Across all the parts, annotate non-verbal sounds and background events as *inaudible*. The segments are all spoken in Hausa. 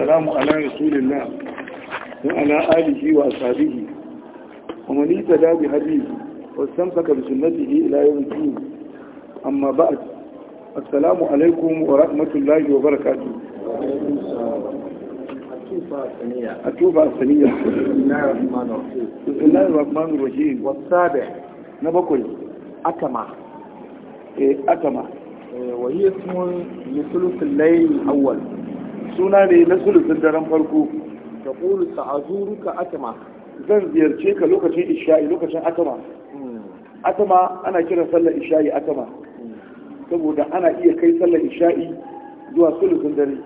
والسلام على رسول الله وعلى آله وأصحابه ومن اهتدى بهديه واستمسك بسنته إلى يوم الدين أما بعد السلام عليكم ورحمة الله وبركاته التوبة الثانية بسم الله الرحمن الرحيم والسابع نبقل أتما إيه، أتما إيه، وهي اسم لثلث الليل الأول suna ne na sulusun daren farko ta ƙulu ka atama zan ziyarce ka lokacin isha'i lokacin atama hmm. atama ana kiran sallar isha'i atama saboda ana iya kai sallar isha'i zuwa sulusun dare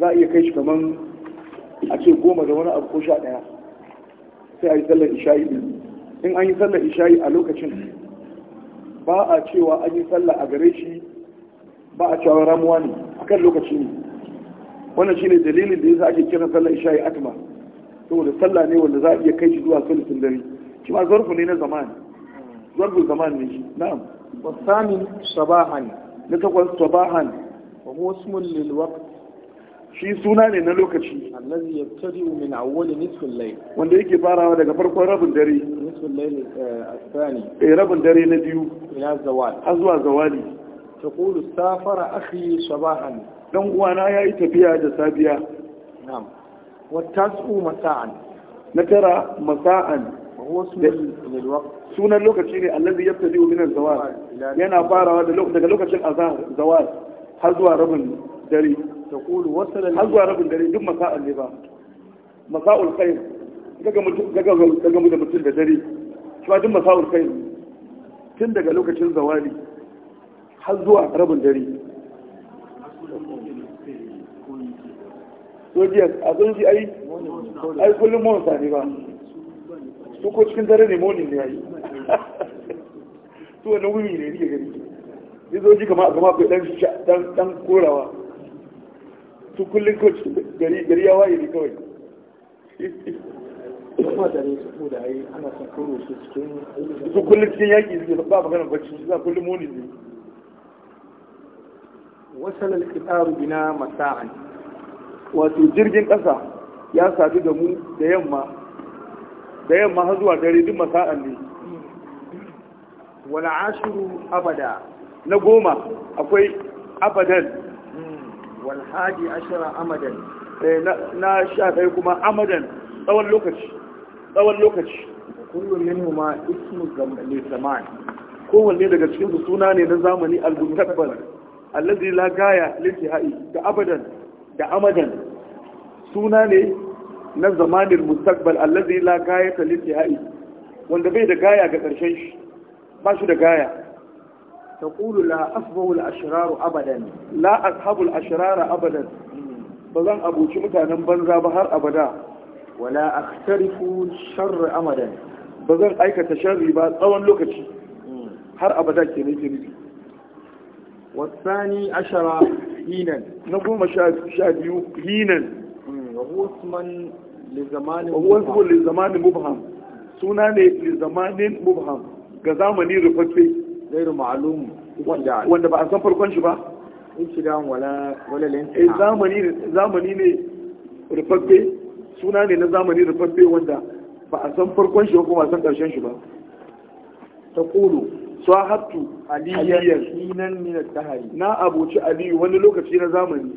za a iya kai shi kamar a ce goma da wani abu ko sha ɗaya sai a yi sallar isha'i in an yi sallar isha'i a lokacin ba a cewa an yi sallar a gare shi ba a cewa ramuwa ne akan lokaci ne wannan shine dalilin da yasa ake kiran sallar isha'i atma saboda sallah ne wanda za a iya kai shi zuwa sulusun dare shi ma zarfu ne na zaman zarfu zaman ne shi na'am wasani sabahan na takwas sabahan wa huwa lil waqt shi suna ne na lokaci allazi yabtadi min awwal nisf al-layl wanda yake farawa daga farkon rabin dare nisf al-layl eh, athani eh rabin dare na biyu ila zawal har zuwa zawali taqulu safara akhi sabahan dan uwana ya yi tafiya da safiya na'am wattasu masa'an na tara masa'an sunan lokaci ne allazi ya tafi minan zawal yana farawa daga lokacin azhar zawal har zuwa rabin dare taqulu wasala har zuwa rabin dare duk masa'an ne ba masa'ul khair daga mutum daga daga mutum da dare shi ba duk masa'ul khair tun daga lokacin zawali har zuwa rabin dare sojiyar a tsunji ai ai kullum mawon ne ba su ko cikin dare ne mawon ne yayi *laughs* su wani wuni ne rike gani ni zoji kama a gama kai dan dan korawa su kullum ko gari gari ya waye ne kawai kuma da ne su da ai ana son koro su cikin su kullum cikin yaki suke ba maganar bacci su za kullum mawon ne وصل القطار bina masa'an. wato jirgin ƙasa ya sadu da mu da yamma da yamma har zuwa dare duk masa'an ne wala ashiru abada na goma akwai abadan hmm. wal hadi ashara amadan eh, na sha kai kuma amadan tsawon lokaci tsawon lokaci kullum huma ismu zaman kowanne daga cikin su suna ne na zamani al-mustaqbal allazi la gaya lintihai da abadan da amadan suna ne na zamanin mustaqbal allazi la gayata lil ihai wanda bai da gaya ga karshen shi ba shi da gaya taqulu la asbahu al ashrar abadan la ashabu al ashrar abadan ba zan abuci mutanen banza ba har abada wala akhtarifu sharr amadan ba zan aikata sharri ba tsawon lokaci hmm. har abada ke ne ke wasani ashara hinan na goma sha biyu hinan وهو اسم لزمان وهو اسم لزمان مبهم سنة لزمان مبهم كزامني رفتي غير معلوم wanda ba a san farkon shi ba eh, zamani ne rufaffe suna ne na zamani rufaffe wanda ba a san farkon shi ba san karshen shi ba ta kulu sahattu aliyyar na abuci aliyu wani lokaci na zamani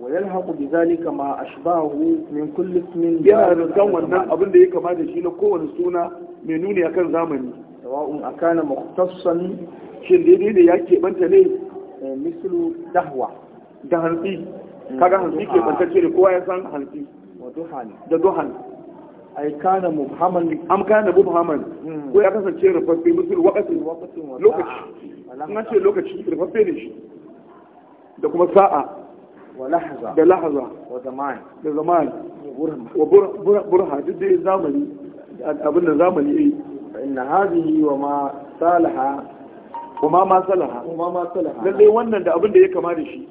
ويلحق بذلك ما أشباهه من كل اسم يا رزقان wannan abin da ya kama da shi na kowane suna mai nuni akan zamani sawa'un akana mukhtassan shin dai dai ya keɓanta ne mislu dahwa da hantsi kaga hantsi keɓantacce ne kowa ya san hantsi da duhan ai kana mubhaman am kana mubhaman ko ya kasance rufaffe mislu waqti lokaci an ce lokaci rufaffe ne shi da kuma sa'a da lahaza da zaman wa burha duk da zamani abin da zamani yi inna hadhihi wa ma salaha wa ma salaha wa ma salaha lalle wannan da abin da ya kama da shi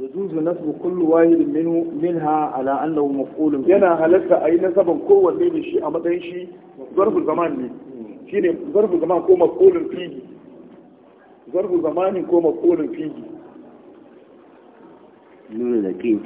yajuzu nasbu kullu wahid min minha ala annahu maf'ulun yana halatta ayi nasaban kowanne ne shi a matsayin shi zarfu zaman ne hmm. shine zarfu zaman ko maf'ulun fihi zarfu zamanin ko maf'ulun fihi nuna da ke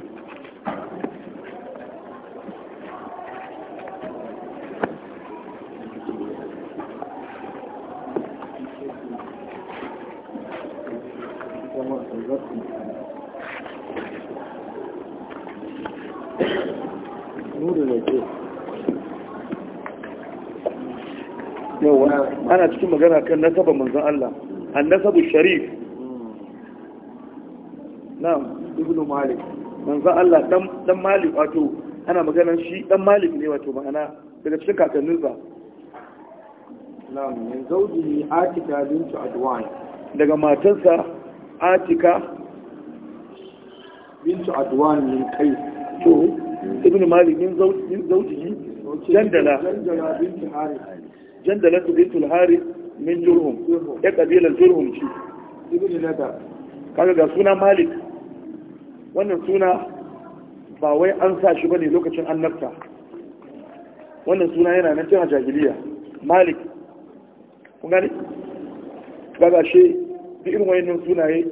ana cikin magana kan nasabar manzan Allah an nasabu sharif hmm. na'am ibn malik manzo Allah dan dan malik wato ana maganar shi dan malik ne wato ma'ana daga cikin kakannin sa na'am min zawjihi atika bintu adwan daga matarsa atika bintu adwan min kai to ibn malik min zawjihi jandala jandala bintu harith jandala bintu harith min jurhum ya kabilar jurhum ci ibn nadar kaga ga suna malik wannan suna ba wai an sa shi bane lokacin annabta wannan suna yana nan cewa jahiliya malik kun gani ga shi duk irin wayannan sunaye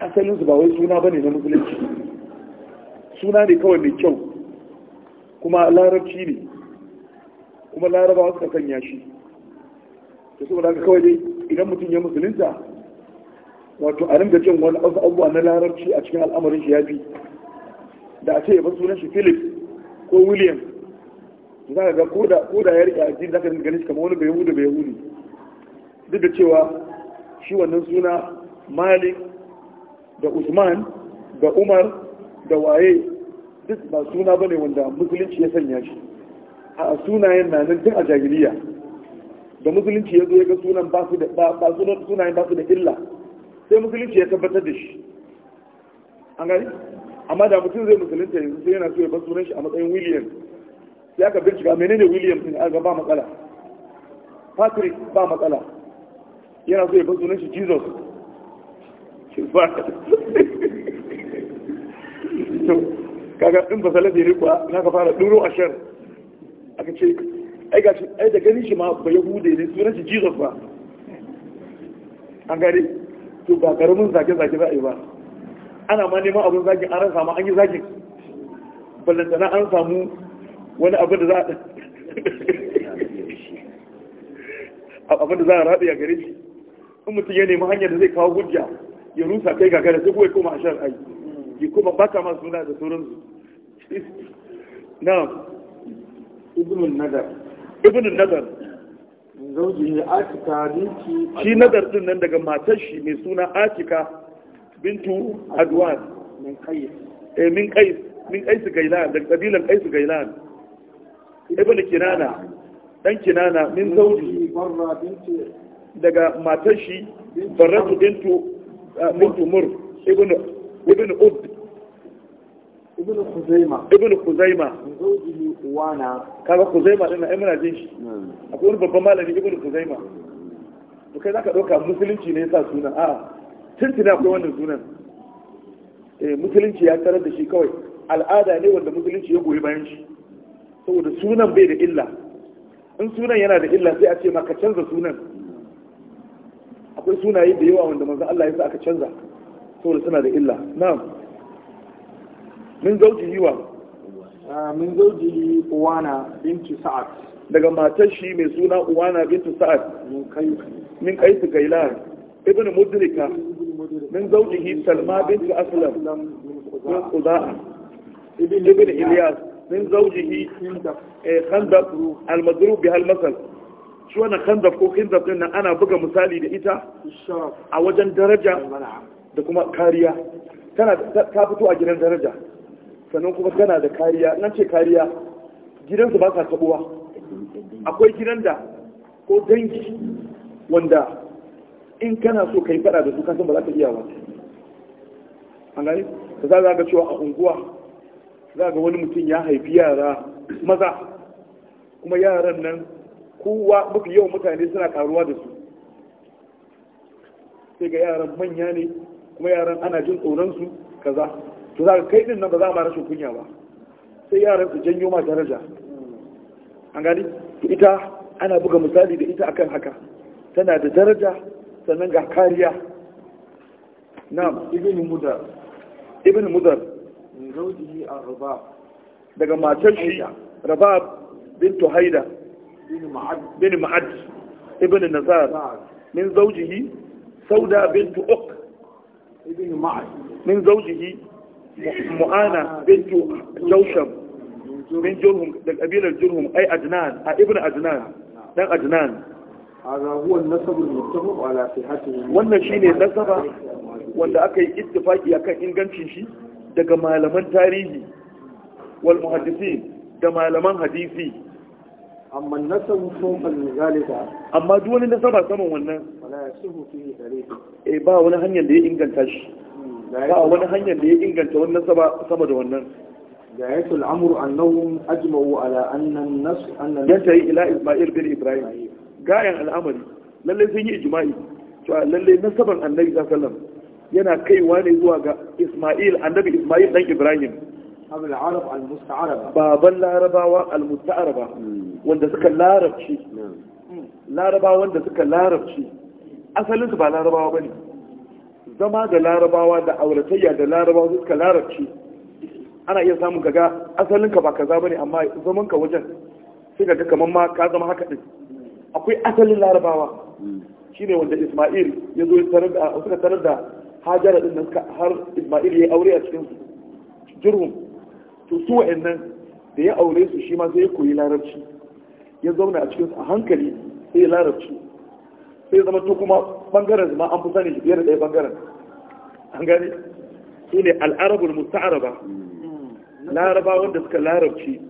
asalin su ba wai suna bane na musulunci suna ne kawai mai kyau kuma larabci ne kuma larabawa suka sanya shi da saboda haka kawai dai idan mutum ya musulunta wato a ringa jin wani abubuwa na larabci a cikin al'amarin shi ya fi da a ce ya sunan shi philip ko william za ka ga ko da ya rike addini za ka ringa ganin shi kamar wani bai hudu bai hudu duk da cewa shi wannan suna malik da usman da umar da waye duk ba suna bane wanda musulunci ya sanya shi a sunayen na nan tun a jahiliya da musulunci ya zo ya ga sunan ba su da illa sai musulunci ya tabbatar da shi an gani amma da mutum zai musulunta yanzu sai yana so ya bar sunan shi a matsayin william sai aka bincika menene william din aka ba matsala patrick ba matsala yana so ya bar sunan shi jesus shi ba kaga in ba salafi ne kuwa na ka fara duro a shar aka ce ai shi ai da ganin shi ma ba yahude ne sunan shi jesus ba an gani to ba karamin zage-zage za a yi ba ana ma neman abin zage an rasa ma an yi zage ballantana an samu wani abin da za a abin da za a rabe a gare shi in mutum ya nemi hanyar da zai kawo hujja ya rusa kai gagara sai kuma ya koma a shan ai ya koma baka ma suna da su na ibinin nazar nazar zauji atika binti shi nazar din nan daga matar shi mai suna atika bintu adwan min qais eh min qais min qais gailan daga kabilan qais gailan ibn kinana dan kinana min zauji barra binti daga matar shi barratu bintu eh, bintu mur ibn ibn ubd ibnu kuzaima ibnu kuzaima zawjihi kaga kuzaima din ai muna jin shi hmm. akwai wani babban malami ibnu kuzaima to kai zaka dauka musulunci ne yasa sunan a tuntuna akwai wannan sunan eh musulunci ya tarar da shi kawai al'ada ne wanda musulunci ya goyi bayan shi saboda sunan bai da illa in sunan yana da illa sai a ce maka canza sunan akwai sunaye da yawa wanda manzo Allah ya sa aka canza saboda suna da illa na'am min zaujihi wa. Ah, min zauji uwana bintu sa'ad daga matar shi mai suna uwana bintu sa'ad min kaisu kailan ibn mudrika min zaujihi salma bintu aslam min qudaa ibn ilyas min zaujihi eh, khandab al-madrub al masal shi wannan khandab ko khandab din ana buga misali da ita a wajen daraja da kuma kariya tana ta fito a gidan daraja sannan kuma tana da kariya nan ce kariya gidansu ba sa tabuwa akwai gidan da ko dangi wanda in kana so ka yi fada da su kasan ba za ka iya ba an gani ka za za ga cewa a unguwa za ga wani mutum ya haifi yara maza kuma yaran nan kowa mafi yawan mutane suna karuwa da su sai ga yaran manya ne kuma yaran ana jin tsoron su kaza to za ka kai din nan ba za a mara rashin kunya ba sai yaran su janyo ma daraja an gani ita ana buga misali da ita akan haka tana da daraja sannan ga kariya na ibn mudar ibn mudar min zawjihi ar-rabab daga matar shi rabab bintu haida bin ma'ad ibn nazar min zawjihi sauda bintu uq ibn ma'ad min zawjihi mu'ana bintu jausham min jurhum da kabilar jurhum ai adnan a ibn adnan dan adnan هذا wannan shine nasaba wanda aka yi ittifaki akan ingancin shi daga malaman tarihi wal muhaddisin da malaman hadisi amma nasabu fawqa zalika amma duk wani nasaba saman wannan wala fihi eh ba wani hanyar da ya inganta shi ba wani hanyar da ya inganta wannan sama da wannan Da ya gayatu al'amru annahum ajma'u ala anna an-nas anna yi ila isma'il bin ibrahim gayan al'amari lallai sun yi ijima'i. to lalle nasaban annabi sallallahu alaihi yana kaiwa ne zuwa ga isma'il annabi isma'il dan ibrahim Baban larabawa al بابا العربة والمستعربة وانت سكا العرب شيء العربة وانت سكا العرب شيء أسأل zama da larabawa da auratayya da larabawa suka larabci ana iya samun kaga asalin ka ba kaza bane amma zaman ka wajen sai ka ga kaman ma ka zama haka din akwai asalin larabawa shine wanda Isma'il ya zo suka tarar da Hajara din nan har Isma'il ya aure a cikin su to su wa'annan da ya aure su shi ma sai ya koyi larabci ya zauna a cikin a hankali sai ya larabci sai zama to kuma bangaren ma an fusa ne biyar da ya bangaren an gani su ne al'arabul musta'araba hmm. laraba wanda suka larabci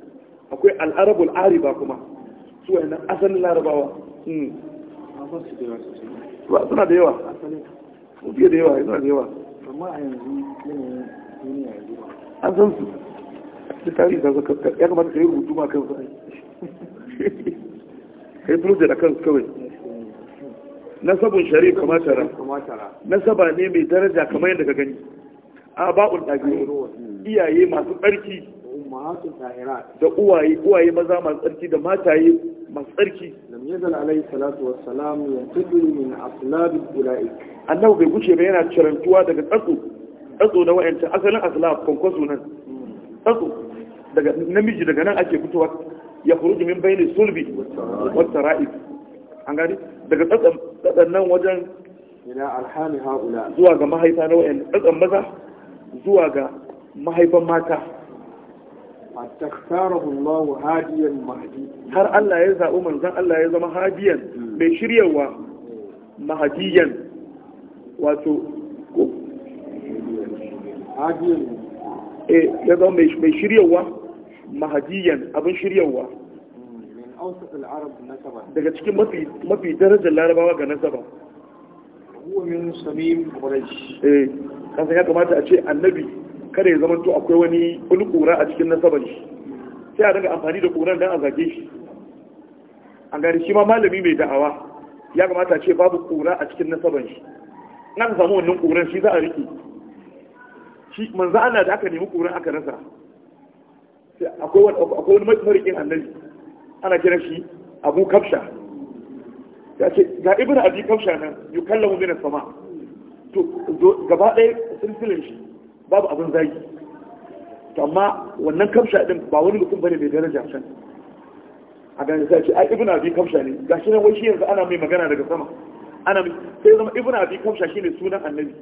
akwai al'arabul ariba kuma su wani asalin larabawa hmm. suna da yawa fiye da yawa suna da yawa an san su da tarihi da zaka ya kamata ka yi rubutu ma kan su ai kai turu da su kawai nasabun shari'a kama tara nasaba ne mai daraja kamar yadda ka gani aba'ul tahiru iyaye masu tsarki da uwaye uwaye maza masu tsarki da mataye masu tsarki lam yazal alayhi salatu wassalam yantadu min aslab ulaik annabi bai guce ba yana cirantuwa daga tsatsu tsatsu na wayanta asalin aslab kwankwaso nan tsatsu daga namiji daga nan ake fitowa ya furuji min bayni sulbi wa tara'ib an gari daga tsadannan nan wajen zuwa ga mahaifa na wayan tsadan maza zuwa ga mahaifan mata hadiyan har Allah ya zaɓi manzan Allah ya zama hadiyan hmm. mai shiryarwa mahadiyan wato ko hadiyan eh, ya zama mai shiryarwa mahadiyan abin shiryarwa daga cikin mafi darajar larabawa ga nasaba huwa min samim quraish eh kasan ya kamata a ce annabi kada ya zama to akwai wani wani kura a cikin nasabar shi sai a daga amfani da kuran dan a zage shi an gani shi ma malami mai da'awa ya kamata a ce babu kura a cikin nasabar shi nan samu wannan kuran shi za a rike shi manzo Allah da aka nemi kuran aka rasa Sai akwai wani marikin annabi ana kira shi abu kafsha ya ce ga ibn abi kafsha nan yi kallon min sama to gaba ɗaya silsilin shi babu abin zagi to amma wannan kafsha din ba wani mutum bane mai daraja can a ganin sai ce ai ibn abi kafsha ne gashi nan wai shi yanzu ana mai magana daga sama ana mai sai zama ibn abi kafsha shine sunan annabi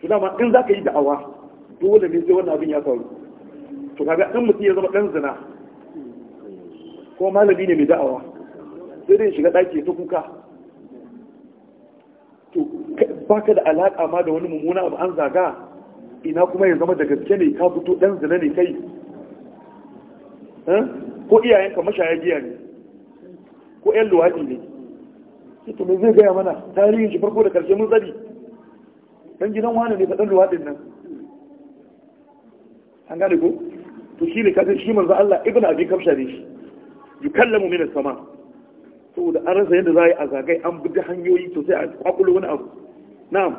to dama in zaka yi da'awa dole ne sai wannan abin ya faru to kaga in mutum ya zama dan zina ko malami ne mai da'awa sai dai shiga ɗaki ta kuka to baka da alaƙa ma da wani mummuna abu an zaga ina kuma ya zama da gaske ne ka fito ɗan zina ne kai ko iyayenka mashaya giya ne ko ƴan luwaɗi ne ito mai zai gaya mana tarihin shi farko da ƙarshe mun zari ɗan gidan wani ne faɗin luwaɗin nan an gane ko to shi ne kafin shi manzo Allah ibn abi kafsha ne shi yukallamu min sama saboda an rasa yadda za a yi a zagaye, an bi hanyoyi to sai a kwakulo wani abu na'am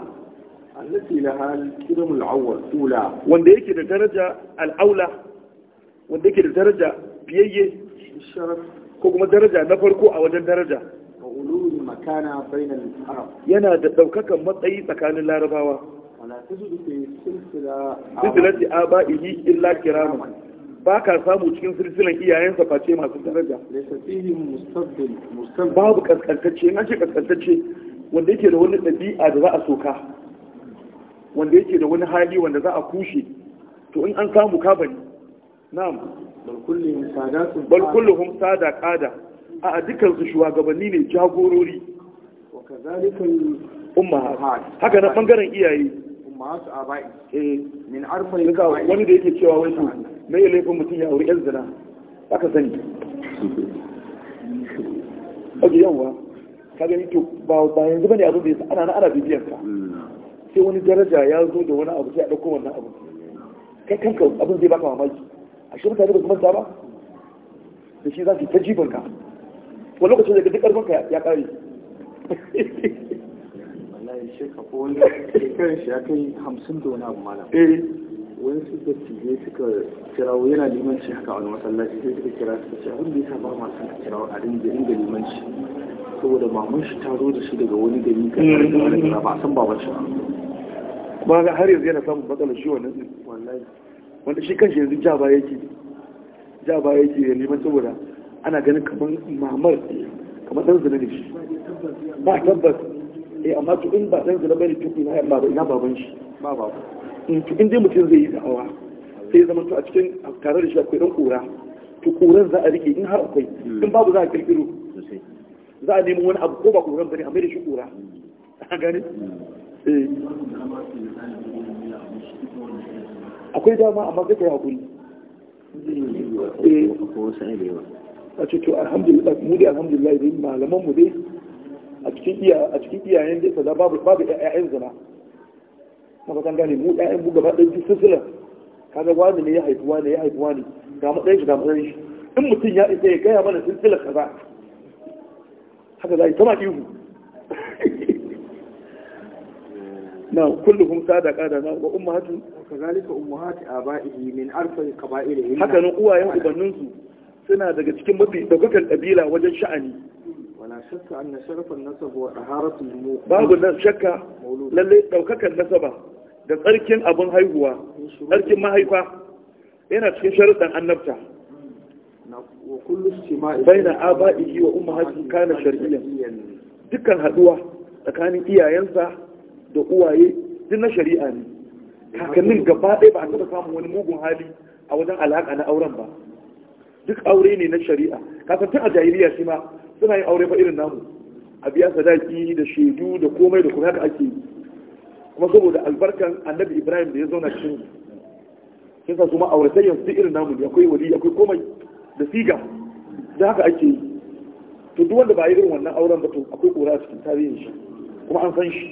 allati laha al-kiram al-awwal ula wanda yake da daraja al-aula wanda yake da daraja biyayye ko kuma daraja na farko a wajen daraja makana bainal arab yana da daukakan matsayi tsakanin larabawa wala tajidu fi silsilati aba'ihi illa kiraman ba ka samu cikin silsilan iyayensa face masu daraja babu kaskantacce na ce kaskantacce wanda yake da wani ɗabi'a da za a soka wanda yake da wani hali wanda za a kushe to in an samu kabari na'am bal kulluhum sada qada a dukkan su shugabanni ne jagorori wa umma haka na ɓangaren iyaye masu abai eh min arfa ne ga wani da yake cewa wai sun mai yi laifin mutum ya wuri yan zina aka sani oke yawa ka gani to ba ba yanzu bane abin da yasa ana na ana bibiyar ka hmm. sai wani daraja ya zo da wani abu sai a dauko wannan abu kai kanka abin zai baka mamaki a shi mutane ba su manta ba da shi za su ta jibin ka wani lokacin da duk karfin ka ya kare *laughs* shekka ko wani shekarar shi ya kai hamsin da wani abu malam eh wani suka cije suka kirawo yana neman limanci haka wani masallaci sai suka kira suka ce abin da ya saba masu suka kirawo a dinga dinga shi saboda maman shi ta zo da shi daga wani gari kan da wani gari ba a san baban shi kuma ga har yanzu yana samun matsalar shi wannan din wallahi wanda shi kan shi yanzu ja ba yake ja ba yake ya liman saboda ana ganin kamar mamar kamar dan zina shi ba tabbas eh amma to in ba zan zina bane to ina yan baba ina baban shi ba baba in to in dai mutum zai yi da'awa sai zama to a cikin tare da shi akwai dan kura to kuran za a rike in har akwai hmm. in babu za a kirkiro za a nemi wani abu ko ba kuran bane a mai da shi kura hmm. a gane hmm. eh akwai dama amma kai kai hakuri eh ko sai da yawa a ce to alhamdulillah mu dai alhamdulillah dai malaman mu dai a cikin iya a cikin iyayen da za babu babu ƴaƴan zina na ba san gane mu ƴaƴan mu gaba ɗaya duk silsilar kaga wani ne ya haifi wani ya haifi wani ga matsayin shi ga matsayin shi in mutum ya isa ya gaya mana silsilar kaza haka za yi kama ihu na kulluhum sadaka da na wa ummahatu kazalika a abaihi min arfai qaba'ilihi haka nan uwayen ubanninsu suna daga cikin mafi daukakan kabila wajen sha'ani babu nan shakka lallai daukakan nasaba da tsarkin abin haihuwa tsarkin mahaifa yana cikin sharuɗan annabta wa kullu istima'i baina aba'ihi wa ummahatihi kana shar'iyyan dukkan haɗuwa tsakanin iyayensa da uwaye duk na shari'a ne kakannin gaba ɗaya ba a taɓa samun wani mugun hali a wajen alaƙa na auren ba duk aure ne na shari'a kasan a jahiliya shi ma suna yin aure fa irin namu a biya sadaki da shaidu da komai da kuma haka ake yi kuma saboda albarkan annabi ibrahim da ya zauna cikin kin sa su ma sai yanzu irin namu ne akwai wali akwai komai da siga da haka ake yi to duk wanda ba yi irin wannan auren ba to akwai kura a cikin tarihin shi kuma an san shi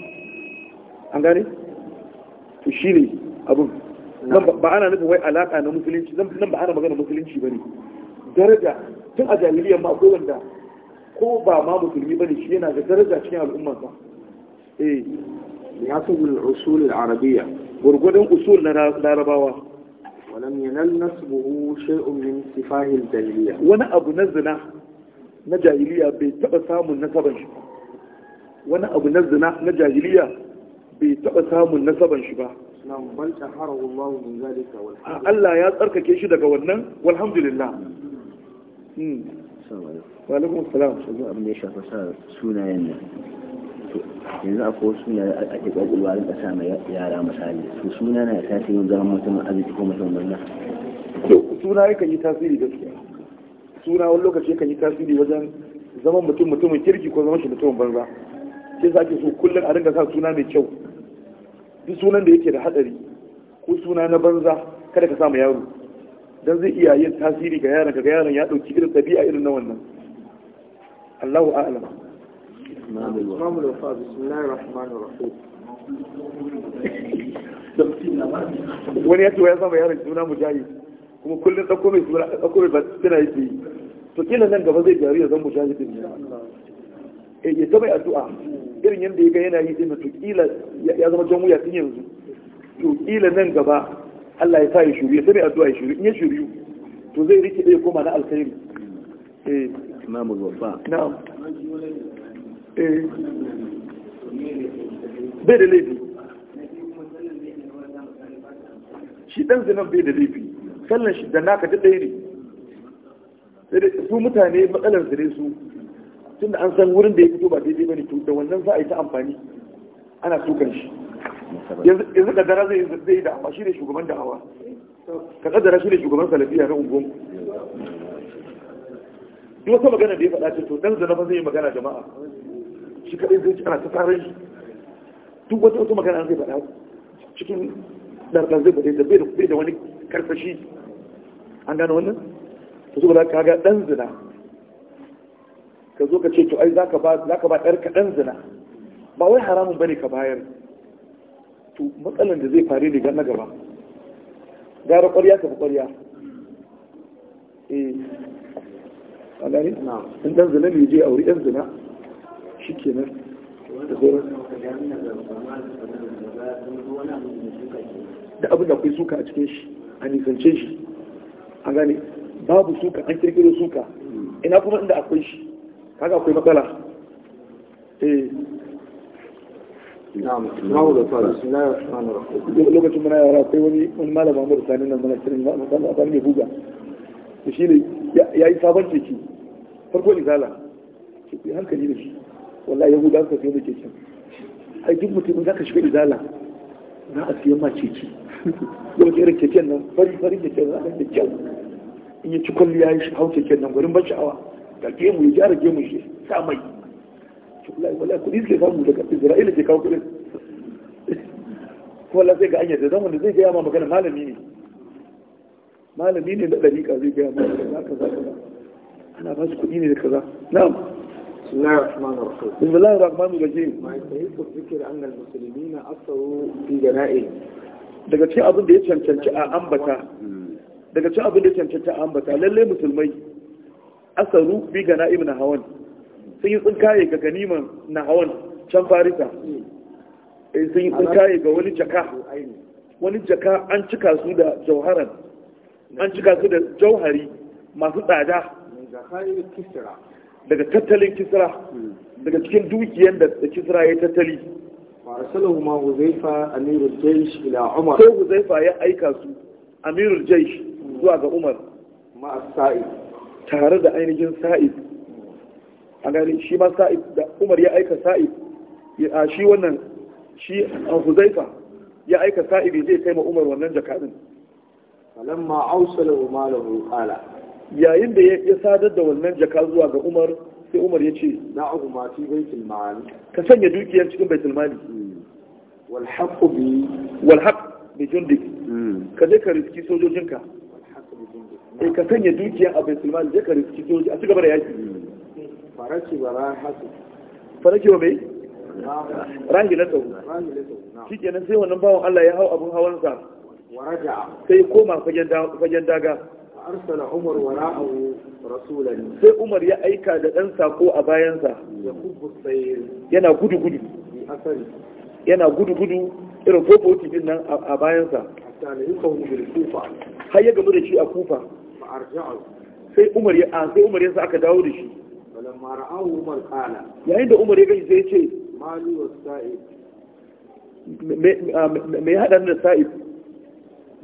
an gane to shi ne abin ba ana nufin wai alaka na musulunci nan ba ana magana musulunci ba ne daraja tun a jahiliyar ma akwai wanda ko ba ma musulmi bane shi yana da daraja cikin al'ummar sa ya eh. yasab al-usul al-arabiyya gurgudun usul na larabawa ولم ينل نسبه شيء من الجاهلية وانا ابو نزنا na jahiliya bai taba samun nasaban shi wani abu na zina na jahiliya bai taba samun nasaban shi ba Allah ya tsarkake shi daga wannan walhamdulillah hmm. Walaikum salam. Yanzu abin da ya shafa sa sunayen nan. Yanzu akwai wasu sunaye ake ke kwakwalwa rinka sa mai yara misali. Su suna na ya yin zama mutumin arziki ko mutum murna. Suna yakan yi tasiri gaskiya. Suna wani lokaci kan yi tasiri wajen zaman mutum mutumin kirki ko zaman shi mutumin banza. Sai sa ake so kullum a rinka sa suna mai kyau. Duk sunan da yake da hatsari ko suna na banza kada ka samu yaro. don zai iya yin tasiri ga yaran. ga yaron ya ɗauki irin ɗabi'a irin na wannan Allahu a'lam Imam al-Wafa bismillahir rahmanir rahim wani ya ce ya zama yaran suna mujahid kuma kullum tsakko mai suna ɗauko mai batina yake yi to kila nan gaba zai gari ya zama mujahidin ne eh, ya zama addu'a irin yadda ya ga yana yi din to kila ya zama jan ya tun yanzu to kila nan gaba Allah ya sa ya shirye sai ya addu'a ya shirye in ya shiryu to zai rike ɗaya koma na alkhairi eh imamu zuwa na'am eh bai da laifi shi dan zinan bai da laifi sallan shi da naka da ɗaya ne su mutane matsalar zire su tunda an san wurin da ya fito ba daidai bane to da wannan za a yi ta amfani ana tukar shi yanzu kaddara zai zai da'awa shi ne shugaban da'awa ka kaddara shi ne shugaban salafiya na ungon duk wata magana da ya faɗa ce to dan zanafa zai yi magana jama'a shi kaɗai zai ci ana ta tsarin shi duk wata wata magana zai faɗa cikin ɗarɗar zai faɗe da bai da wani karfashi an gano wannan to saboda ka ga ɗan zina ka zo ka ce to ai za ka ba ɗar ɗan zina ba wai haramun bane ka bayar to matsalan da zai faru ne na gaba gara ƙwarya fi ƙwarya eh a gani in ɗan zina ne je auri ɗan zina shi kenan da sauran da abin da akwai suka a cikin shi a nisance shi a gane babu suka an kirkiro suka hmm. ina kuma inda akwai shi kaga akwai matsala eh lokacin muna yara akwai wani wani malam amur sani nan mana cikin matsala mai buga to shi ne ya yi sabon keke farko izala ya hankali da shi wallahi yahuda suka fiye da keken ai duk mutum za ka shiga izala za a siya ma keke yau ce irin keken nan fari fari keken za a da kyau in ya ci kwalliya ya hau keken nan gwarin ban sha'awa ga gemu ya gyara gemu shi sa mai wala kuɗi suke samu daga isra'ila ke kawo ga zai gaya ma malami ne malami ne na ɗariƙa zai gaya ma magana kaza kaza ana ba kuɗi ne da kaza na'am بسم الله الرحمن الرحيم ما الذكر أن المسلمين في جنائهم daga cikin abin da ya cancanci a ambata daga cikin abin da ya cancanci a ambata lallai musulmai asaru bi gana ibn hawan sun yi tsinkaye ga ganiman na hawan can farisa eh, sun yi tsinkaye ga wani jaka wani jaka an cika su da jauharan an cika su da jauhari masu tsada daga tattalin kisra hmm. daga cikin dukiyar da kisra ya tattali فارسلهما هزيفة أمير الجيش إلى عمر سو هزيفة يا أيكاسو أمير الجيش زوا عمر مع السائب Tare da ainihin Sa'id. a gani shi ma sa'id da umar ya aika sa'id a shi wannan shi a huzaifa ya aika sa'id zai kai ma umar wannan jakadin ma ausala umaru qala yayin da ya sadar da wannan jaka zuwa ga umar sai umar ya ce abu ma fi baitul mal ka sanya dukiyar cikin baitul mali hmm. wal haqqu bi wal haqq bi jundik hmm. ka je ka riski sojojinka eh, ka sanya dukiyar a baitul mali je ka riski sojoji a cigaba da yaki hmm. faraki wa rahatu faraki ba mai rahilatu shi kenan sai wannan bawan Allah ya hau abun hawansa sai koma fagen daga arsala umar wara'ahu rasulani sai umar ya aika da dan sako a bayansa yana gudu gudu yana gudu gudu irin fofoti din nan a bayansa har ya gamu da shi a kufa sai umar ya sai umar ya aka dawo da shi falamma ra'ahu umar qala yayin da umar ya gani sai ce malu wasa'id me ya hada da sa'id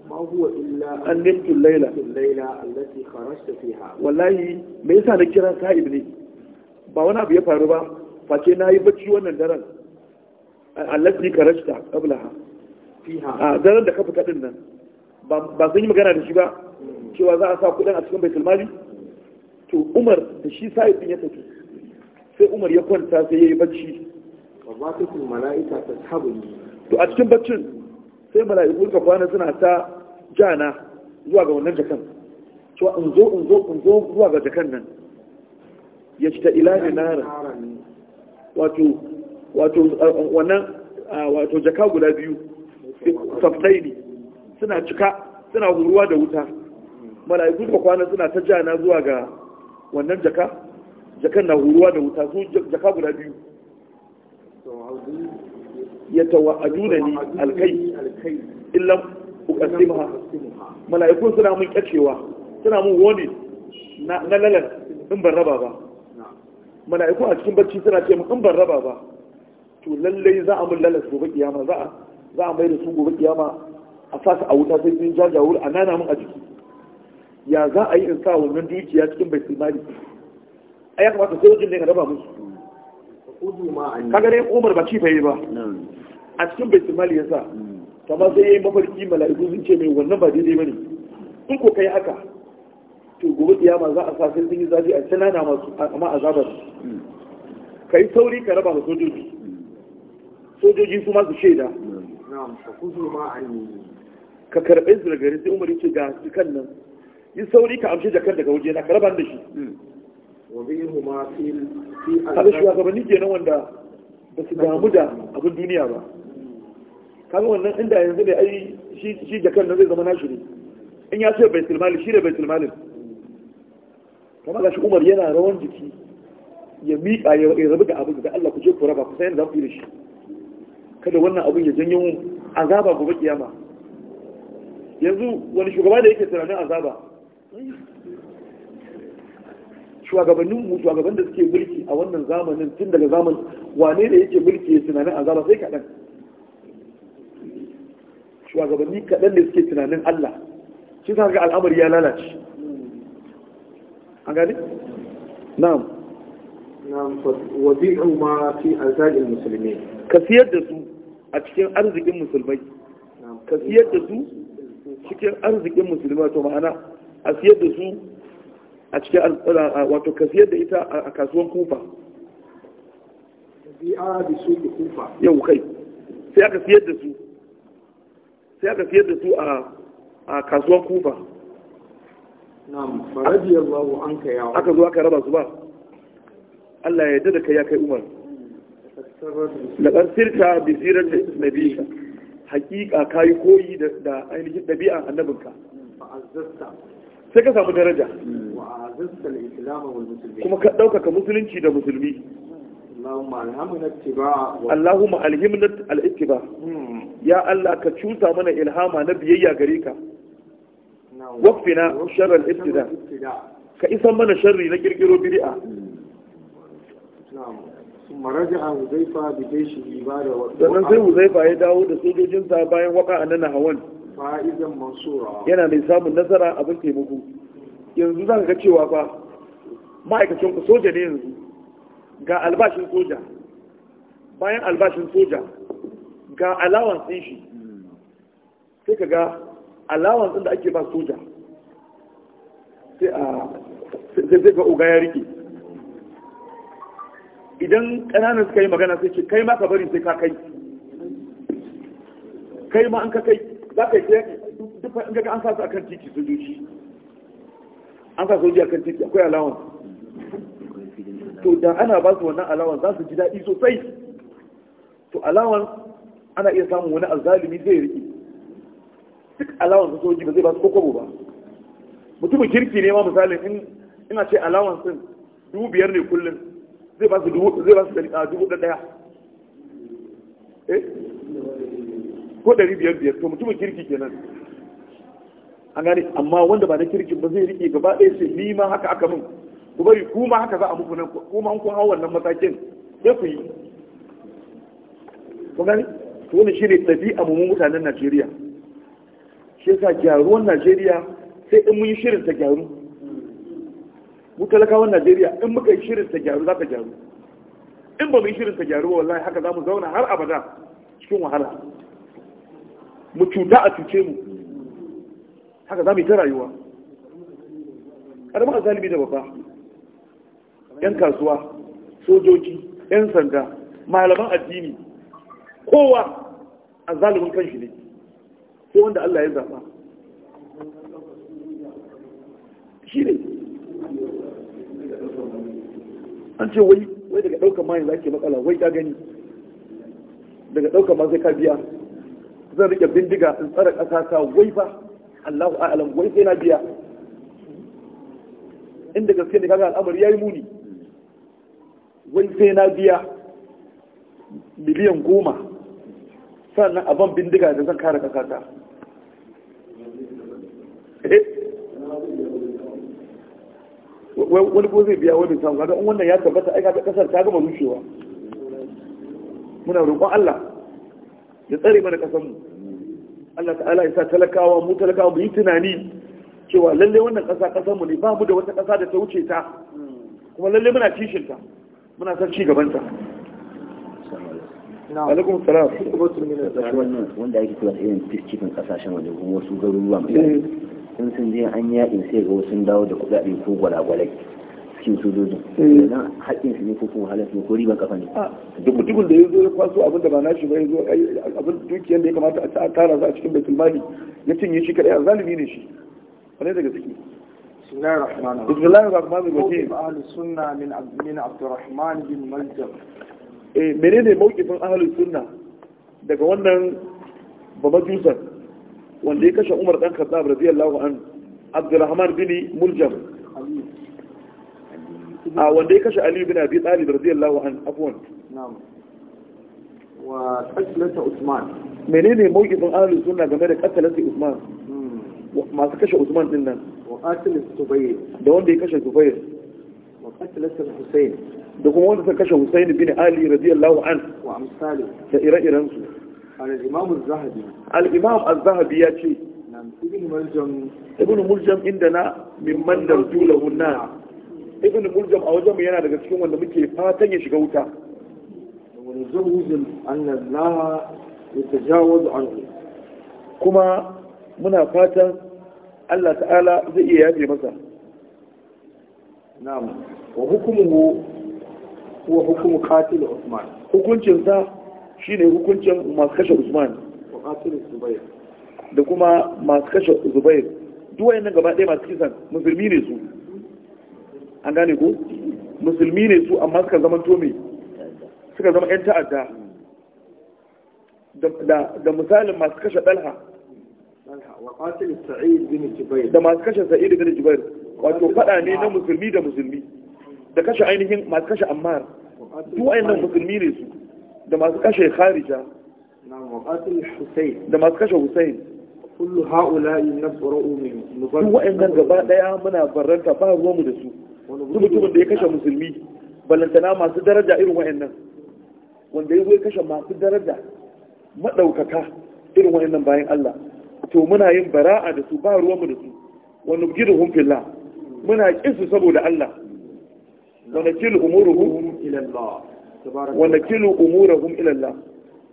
ma huwa illa an nimtu layla layla allati kharajta fiha wallahi me yasa na kira sa'id ne ba wani abu ya faru ba face na yi bacci wannan daren allati kharajta qablaha fiha a ah, daren da ka fita din nan ba sun yi magana da shi ba hmm. cewa za a sa kudin a cikin baitul mali to umar da shi sa'id din ya tafi sai umar ya kwanta sai yayi bacci amma mala'ika ta tabu to a cikin baccin sai mala'iku ka kwana suna ta jana zuwa ga wannan jakan To in zo in zo in zo zuwa ga jakan nan ya ci ta ilahi nara wato wato wannan wato jaka guda biyu saftaini suna cika suna huruwa da wuta mala'iku ka kwana suna ta jana zuwa ga wannan jaka jakan na huruwa da wuta su jaka guda biyu ya tawa a juna ne alkai illan uqaddimaha mala'ikun suna mun kacewa suna mun wani na lalan in ban raba ba Malaikun a cikin barci suna ce in ban raba ba to lallai za a mun lalas gobe kiyama za a za mai da su gobe kiyama a sa a wuta sai sun jajawur a nana mun a jiki ya za a yi in sa wannan dukiya cikin bai mali a ya kamata sojin ne ka raba musu kagare umar ba ci yi ba a cikin bai mali ya sa kama sai ya yi mafarki mala'iku sun ce mai wannan ba daidai ba ne in ko kai haka to gobe kiyama za a sa sai sun yi zafi a sanana masu amma azabar ka yi sauri ka raba da sojoji sojoji su masu shaida ka karɓe su daga sai umar ce ga su kan nan in sauri ka amshi jakar daga waje na karaban da shi hmm. kada shugabanni kenan wanda ba su damu da abin duniya ba kaga wannan inda yanzu ne ai shi jakar nan zai zama nashi ne in ya ce bai tilmali shi ne bai tilmalin kamar ga shi umar yana rawan jiki ya miƙa ya rabu da abin da Allah ku je ku raba ku yadda za ku yi da shi kada wannan abin ya janyo azaba gobe kiyama yanzu wani shugaba da yake tunanin azaba shugabannin mu shugaban da suke mulki a wannan zamanin tun daga zaman wane da yake mulki ya tunanin azaba sai kaɗan shugabanni kaɗan da suke tunanin Allah shi sa ga al'amari ya lalace an gani na'am na'am wa bi'u ma fi azalil musulmi. ka siyar da su a cikin arzikin musulmai ka siyar da su cikin arzikin musulmai to ma'ana a siyar da su a cikin wato ka siyar da ita a kasuwan kufa yau kai sai aka siyar da su sai aka siyar da su a kasuwan kufa aka zo aka raba su ba Allah ya yadda da kai ya kai umar ɗan sirka bisirar nabi hakika kayi koyi da ainihin ɗabi'an annabinka sai ka samu daraja kuma ka ɗaukaka musulunci da musulmi Allahumma alhimna al-ittiba hmm. ya Allah ka cuta mana ilhama na biyayya gare ka waqfina sharr al-ibtida ka isan mana sharri na kirkiro bid'a sannan sai huzaifa ya dawo da sojojinsa bayan waka a nan hawan yana mai samun nasara abin taimako yanzu zan ga cewa fa ma'aikacin ku soja ne yanzu ga albashin soja bayan albashin soja ga allowance din shi sai ka ga allowance din da ake ba soja sai a sai ga uga ya rike idan ƙananan suka yi magana sai ce kai ma ka bari sai ka kai kai ma an ka kai za ka yi duk in ga an sa su akan titi sojoji an sa sojoji akan titi akwai alawan to da ana ba su wannan alawan za su ji daɗi sosai to alawan ana iya samun wani azalimi zai riƙe duk alawan soji ba zai ba su kokobo ba mutumin kirki ne ma misalin in ina ce alawan din dubu biyar ne kullum zai ba su dubu zai ba su dubu ɗaya eh ko ɗari biyar biyar to mutumin kirki kenan an gane amma wanda ba na kirki ba zai rike gaba ɗaya sai ni ma haka aka min ku bari ku ma haka za a muku nan ku ma kun hau wannan matakin sai ku yi kun gane to wannan shine ɗabi'a mu mutanen Najeriya shi yasa gyaruwar Najeriya sai in mun yi shirin ta gyaru mu talakawan Najeriya in muka yi shirin ta gyaru za ta gyaru in ba mu yi shirin ta gyaru wallahi haka za mu zauna har abada cikin wahala mu cuta a cuce mu haka za mu yi ta rayuwa ƙaramin zalibi da babba yan kasuwa sojoji yan sanda malaman addini kowa a kan shi ne ko wanda Allah ya zaɓa shi ne an ce wai daga ɗaukar mayan za ke matsala wai ta gani daga ɗaukar ma sai ka biya zan rike bindiga in tsara ƙasa ta wai ba, Allahu a'lam wai sai na biya inda gaske ne kaga al'amari yayi muni wai sai na biya miliyan goma sannan a ban bindiga da zan kare ƙasa ta eh? wani ko zai biya wani samu kaga in wannan ya tabbata ai kaga kasar ta gama rushewa muna roƙon Allah ya tsare mana kasar mu Allah ta'ala Ala Isa talakawa mu talakawa mu yi tunani cewa lalle wannan ƙasa ƙasar mu ne ba mu da wata ƙasa da ta wuce ta kuma lalle muna kishin ta muna san ci gaban ta alaikum salam wanda ake da irin cikin kasashen waje kuma wasu garuruwa musamman eh. sun sun je an yaƙin sai ga wasu dawo da kuɗaɗe ko gwalagwalai cikin sojojin idan eh. haƙƙin ne ko kuma ko kafa ne ah, duk mutumin da ya zo ya kwaso abin da ba nashi ba ya zo abin dukiyar da ya kamata a tara a cikin baitul mali ya cinye shi kadai a zalimi ne shi wani daga ciki بسم الله الرحمن الرحيم بسم الله الرحمن الرحيم أهل السنة من من عبد الرحمن بن ملجم منين موقف أهل السنة ده قلنا بمجوسا وان ليك عمر بن الخطاب رضي الله عنه عبد الرحمن بن ملجم a wanda ya kashe Ali bin Abi Talib radiyallahu an afwan na'am wa qatlata Usman menene mawqifin ahli sunna game da qatlata Usman hmm. masu kashe Usman din nan wa qatlata Zubair da wanda ya kashe Zubair wa qatlata Hussein da kuma wanda ta kashe Hussein bin Ali radiyallahu an wa amsali da ire-iren su al-Imam az-Zahabi al-Imam az-Zahabi ya ce ibn Muljam ibn Muljam indana mimman darjulahu an ibn muljam a wajen mu yana daga cikin wanda muke fatan ya shiga wuta wani ya kuma muna fatan Allah ta'ala zai iya yafe masa na'am wa hukumuhu huwa hukumu qatil Usman hukuncin sa shine hukuncin masu kashe Usman wa qatil Zubair da kuma masu kashe Zubair duk wayannan gaba ɗaya masu kisan musulmi ne su an gane ko musulmi ne su amma suka zama tome suka zama 'yan ta'adda da misalin masu kashe Dalha, da masu kashe Sa'idu gani jubair wato faɗa ne na musulmi da musulmi da kashe ainihin masu kashe ammar duk wayannan musulmi ne su da masu kashe kharija da masu kashe Hussein. kullu ha'ula'i tsoro'o mai nufar duk nan gaba daya muna barranta ba ruwanmu da su Wani mutumin da ya kashe musulmi balantana masu daraja irin wa'annan wanda ya kashe masu daraja maɗaukaka irin wa'annan bayan Allah to muna yin bara'a da su ba ruwanmu da su wani gidu hunfilla muna kinsu saboda Allah wani kilu umuruhum ilallah wani kilu umuruhum ilallah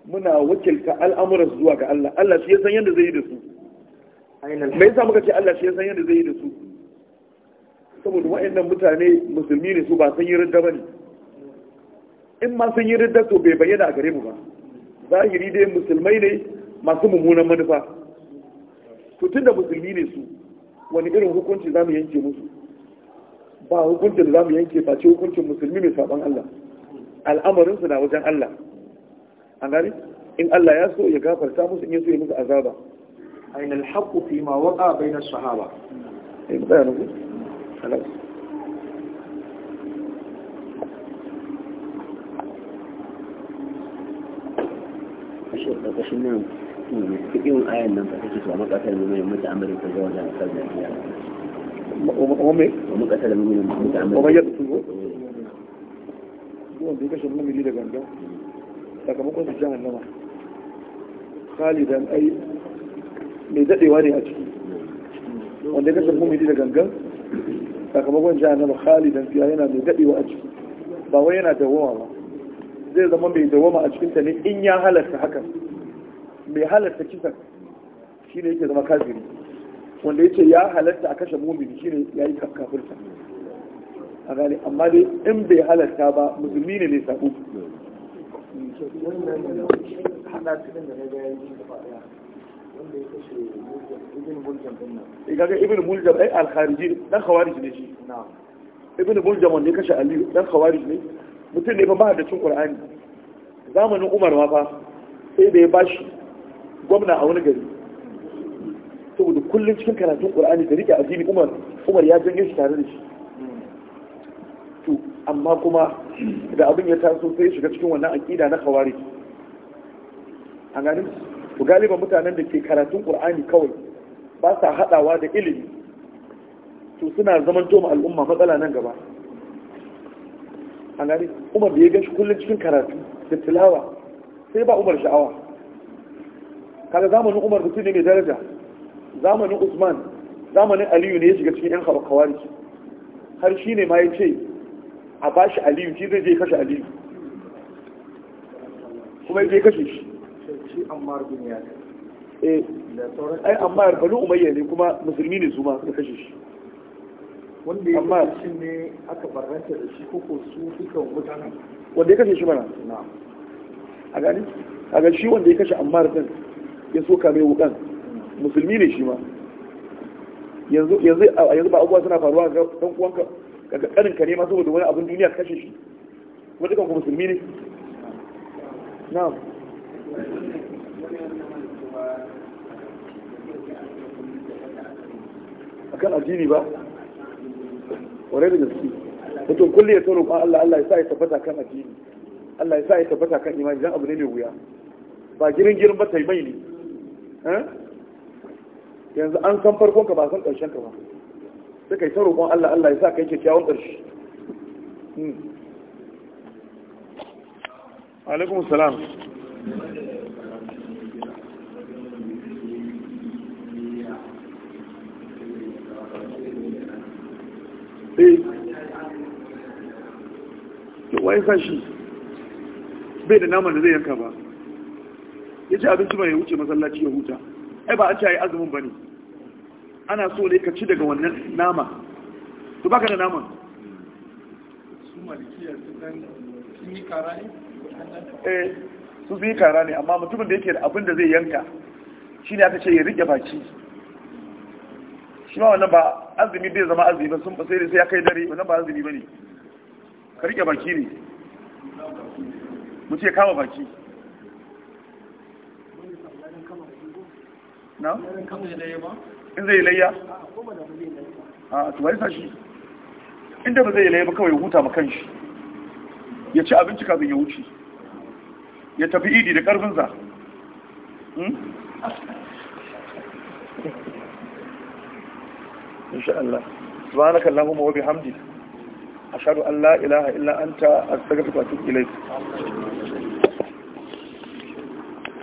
muna wakilta al'amuran zuwa ga Allah Allah shi ya san yadda zai yi da su me yasa muka ce Allah shi ya san yadda zai yi da su saboda waɗannan mutane musulmi ne su ba sun yi ridda ba ne in ma sun yi ridda to bai bayyana a gare mu ba zahiri dai musulmai ne masu mummunan manufa to tunda musulmi ne su wani irin hukunci za mu yanke musu ba hukuncin za mu yanke ba ce hukuncin musulmi mai saban Allah al'amarin su na wajen Allah an gani in Allah ya so ya gafarta musu in ya so ya musu azaba ainihin haƙƙo fi ma waƙa bai na sahaba eh, خلاص ƙarƙashin nan fiƙin ayan nan ta take cewa makatar mai mutu zuwa da asar da iya wame wa makatar mai mutu amarin wame ya tutu ko wanda ya kashe da ganga sakamakon su jihar nama da ai mai daɗewa ne a ciki wanda ya kashe da sakamakon jahannama khalidan fiya yana mai daɗewa a ciki ba wai yana dawoma ba zai zama mai dawoma a cikinta ne in ya halarta hakan mai halarta kisan shi ne yake zama kafiri wanda yake ya halarta a kashe mumini shi ne ya yi kafirta a gane amma dai in bai halarta ba musulmi ne mai sabo wanda ibn muljam din nan eh, kaga dan khawarij ne shi ibn muljam wanda ya kashe Aliyu dan khawarij ne mutum ne fa ba da cin qur'ani zamanin umar ma fa sai da ya bashi gwamna a wani gari saboda kullum cikin karatun qur'ani da rike addini umar umar ya janye shi tare da shi to amma kuma da abin ya taso sai ya shiga cikin wannan aqida na khawarij a gane. to galiban mutanen da ke karatun qur'ani kawai ba sa haɗawa da ilimi to suna zaman toma al'umma matsala nan gaba A gani umar da ya gashi kullum cikin karatu da tilawa sai ba umar sha'awa Kada zamanin umar da ne mai daraja zamanin usman zamanin aliyu ne ya shiga cikin yan kawari har shi ne ma ya ce a bashi aliyu shi zai je kashe aliyu kuma ya je kashe shi shi ammar eh ne kuma musulmi ne su ma kashe shi wanda ya shi wanda ya kashe shi mana a ga shi wanda ya kashe ammar din ya soka mai wukan musulmi ne shi ma yanzu yanzu ba abubuwa suna faruwa ga dan uwanka karin ka ne saboda wani abin duniya kashe shi kuma dukan ku musulmi ne na'am kan addini ba ware da gaske mutum kulle ya tsoro kwan Allah Allah ya sa ya tabbata kan addini Allah ya sa ya tabbata kan imani don abu ne mai wuya ba girin girin ba mai ne eh? yanzu an san farkon ka ba san karshen ka ba sai kai ta kwan Allah Allah ya sa kai kyakkyawan ƙarshe hmm. alaikum salam Eh. waye sashi bai da naman da zai yanka ba ya ci abinci ya wuce masallaci ya huta ai ba an ci a yi azumin ba ne ana so ne ka ci daga wannan nama to baka da naman su malikiya su dan yi kara sun sun kara ne amma mutumin da yake da abin da zai yanka shi ne aka ce ya rike baki shi ma wannan ba azumi bai zama azumi ba sun sai sai ya kai dare wannan ba azumi ba ne ka rike baki ne mu ce kama baki na? in zai layya? a tuwari sashi inda ba zai layya ba kawai huta ma shi. ya ci abinci kafin ya wuce ya tafi idi da ƙarfinsa hmm? insha Allah subhanaka allahumma wa bihamdika ashhadu an la ilaha illa anta astaghfiruka wa atubu ilayk